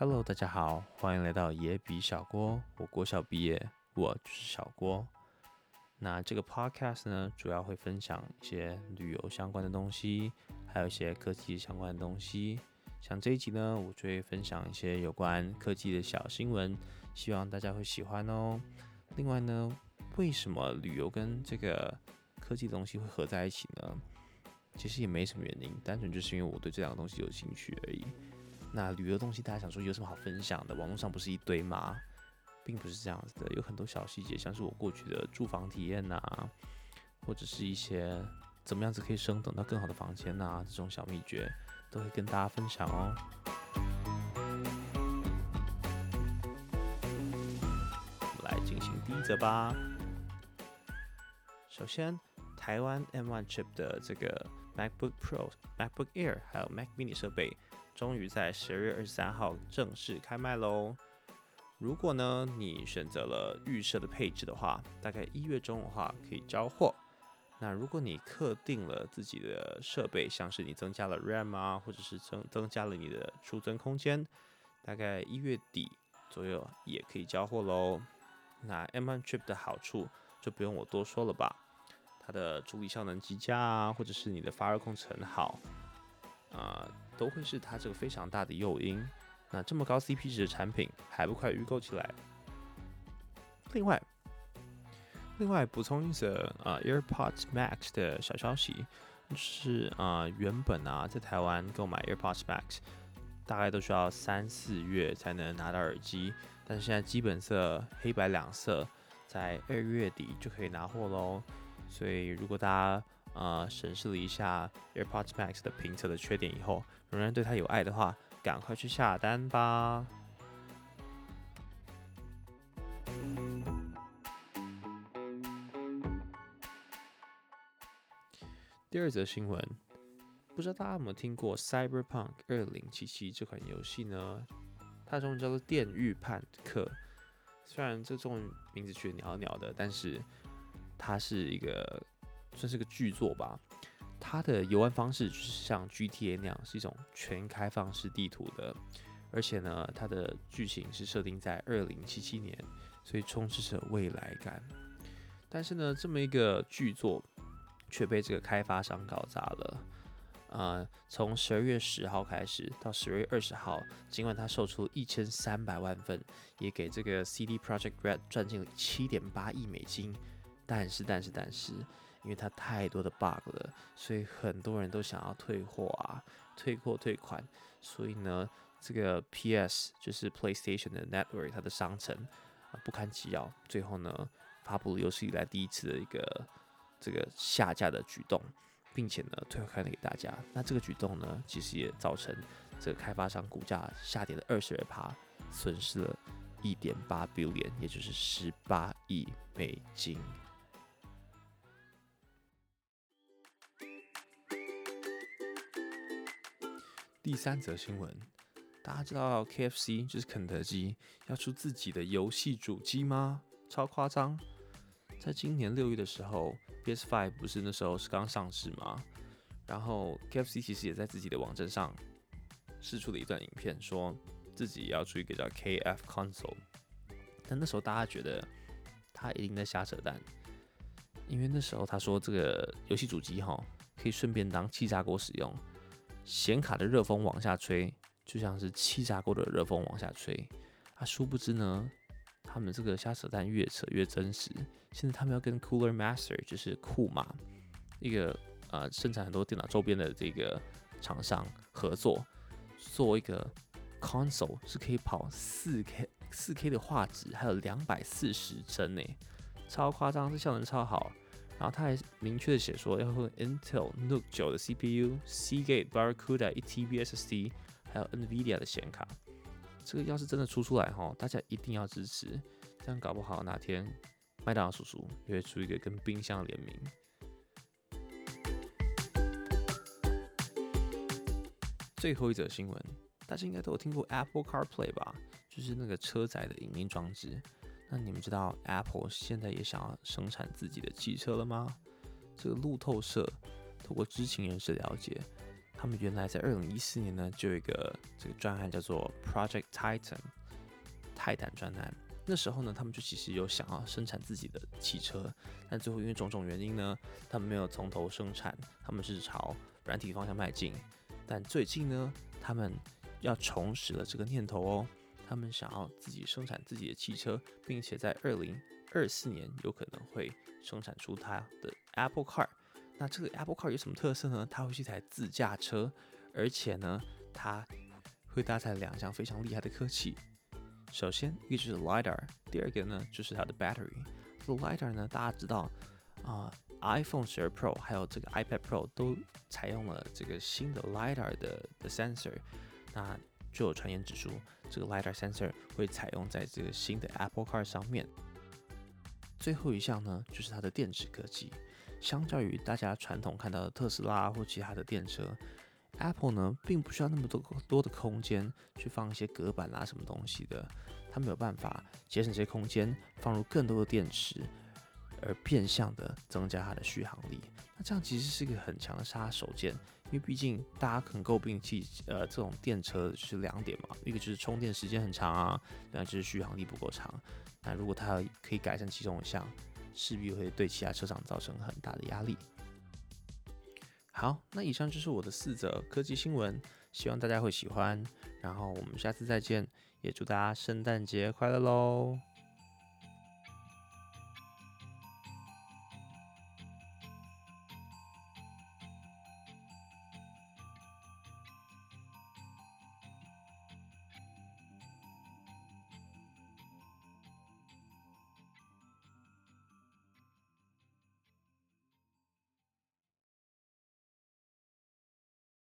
Hello，大家好，歡迎來到野筆小郭。我國小畢業，我就是小郭。那這個 Podcast 呢，主要會分享一些旅遊相關的東西，還有一些科技相關的東西。像這一集呢，我就會分享一些有關科技的小新聞，希望大家會喜歡哦。另外呢，為什麼旅遊跟這個科技的東西會合在一起呢？其實也沒什麼原因，單純就是因為我對這兩個東西有興趣而已。那旅遊東西，大家想說有什麼好分享的？網絡上不是一堆嗎？並不是這樣子的，有很多小細節，像是我過去的住房體驗吶、啊，或者是一些怎麼樣子可以升等到更好的房間吶、啊，這種小秘訣都會跟大家分享哦。 我們來進行第一則吧。首先，台灣 M1 chip 的這個 MacBook Pro、MacBook Air，還有 Mac Mini 設備。終於在十二月二十三號正式開賣嘍！如果呢，你選擇了預設的配置的話，大概一月中的話可以交貨。那如果你客製了自己的設備，像是你增加了 RAM 啊，或者是增增加了你的儲存空間，大概一月底左右也可以交貨嘍。那 M1 Chip 的好處就不用我多說了吧，它的處理效能極佳啊，或者是你的發熱控制很好啊。呃都會是它這個非常大的誘因。那這麼高 CP 值的產品，還不快預購起來？另外，另外補充一則啊 AirPods Max 的小消息，就是啊原本啊在台灣購買 AirPods Max，大概都需要三四月才能拿到耳機，但是現在基本色黑白兩色在二月底就可以拿貨嘍。所以如果大家，啊、呃！審視了一下 AirPods Max 的評測的缺點以後，仍然對它有愛的話，趕快去下單吧。第二則新聞，不知道大家有沒有聽過 Cyberpunk 二零七七這款遊戲呢？它中文叫做《電馭叛客》，雖然這中文名字取的鳥鳥的，但是它是一個，算是個巨作吧，它的遊玩方式就是像 GTA 那樣，是一種全開放式地圖的，而且呢，它的劇情是設定在二零七七年，所以充斥着未來感。但是呢，這麼一個巨作卻被這個開發商搞砸了。呃，從十二月十號開始到十二月二十號，儘管它售出了一千三百萬份，也給這個 CD Project Red 賺進了七點八億美金，但是，但是，但是。因為它太多的 bug 了，所以很多人都想要退貨啊，退貨退款。所以呢，這個 PS 就是 PlayStation 的 Network 它的商城，呃、不堪其擾。最後呢，發布了有史以來第一次的一個這個下架的舉動，並且呢，退款了給大家。那這個舉動呢，其實也造成這個開發商股價下跌了二十趴，損失了一點八 billion，也就是十八億美金。第三則新聞，大家知道 KFC 就是肯德基要出自己的遊戲主機嗎？超誇張！在今年六月的時候，PS Five 不是那時候是剛上市嗎？然後 KFC 其實也在自己的網站上試出了一段影片，說自己要出一個叫 KFConsole，但那時候大家覺得他一定在瞎扯淡，因為那時候他說這個遊戲主機哈可以順便當氣炸鍋使用。顯卡的熱風往下吹，就像是氣炸鍋的熱風往下吹。啊，殊不知呢，他們這個瞎扯淡越扯越真實。現在他們要跟 Cooler Master，就是酷馬一個啊、呃、生產很多電腦周邊的這個廠商合作，做一個 console 是可以跑四 K 四 K 的畫質，還有兩百四十幀呢，超誇張，這效能超好。然後他還明確的寫說要用 Intel NUC 九的 CPU、Seagate Barracuda 1TB SSD，還有 Nvidia 的顯卡，這個要是真的出出來哈，大家一定要支持，這樣搞不好哪天麥當勞叔叔也會出一個跟冰箱的聯名。最後一則新聞，大家應該都有聽過 Apple CarPlay 吧，就是那個車載的影音裝置。那你們知道 Apple 現在也想要生產自己的汽車了嗎？這個路透社通過知情人士了解，他們原來在2014年呢就有一個這個專案叫做 Project Titan，泰坦專案。那時候呢，他們就其實有想要生產自己的汽車，但最後因為種種原因呢，他們沒有從頭生產，他們是朝軟體方向邁進。但最近呢，他們要重拾了這個念頭哦。他們想要自己生產自己的汽車，並且在二零二四年有可能會生產出它的 Apple Car。那這個 Apple Car 有什麼特色呢？它會是一台自駕車，而且呢，它會搭載兩項非常厲害的科技。首先，一個就是 LiDAR，第二個呢就是它的 Battery。這個 LiDAR 呢，大家知道啊，呃，iPhone 十二 Pro 還有這個 iPad Pro 都採用了這個新的 LiDAR 的的 sensor。那就有傳言指出，這個 LiDAR Sensor 會採用在這個新的 Apple Car 上面。最後一項呢，就是它的電池科技。相較於大家傳統看到的特斯拉或其他的電車，Apple 呢並不需要那麼多多的空間去放一些隔板啊什麼東西的，它沒有辦法節省這些空間，放入更多的電池。而變相的增加它的續航力，那這樣其實是一個很強的殺手鐧，因為畢竟大家可能詬病其呃這種電車是兩點嘛，一個就是充電時間很長啊，然後就是續航力不夠長，那如果它可以改善其中一項，勢必會對其他車廠造成很大的壓力。好，那以上就是我的四則科技新聞，希望大家會喜歡，然後我們下次再見，也祝大家聖誕節快樂嘍！